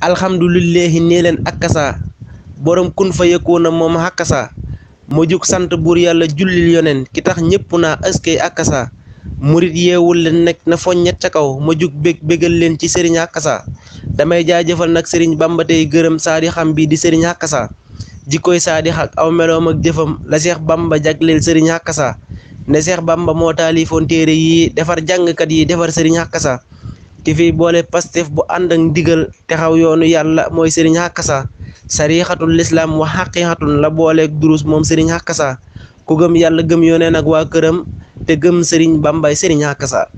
alhamdulillahi nee leen akasa borom kun fa na moom akasa ma jug sant buur yàlla jullil yonen ki tax ñépp naa askay akasa murit yeewul leen nekk na foññet ca kaw ma jug bég bégal leen ci sëriñ akasa damay jaajëfal nag sëriñ bamba tey gërëm saa xam bii di sëriñ akasa jikkoy saa di xak aw meloom ak jëfam la seex Bàmba jagleel sëriñ akasa ne seex Bàmba moo taalifoon téere yi defar jàngkat yi defar sëriñ akasa di fiy boole pastef bu ànd ak ndigal xaw yoonu yàlla mooy sëriñ xàkkasa sarixatul lislaam wa xaqiixatun la booleeg durus moom sëriñ xàkkasa ku gëm yàlla gëm yooneen nag waa këram te gëm sëriñ bàmbaay sëriñ xàkkasa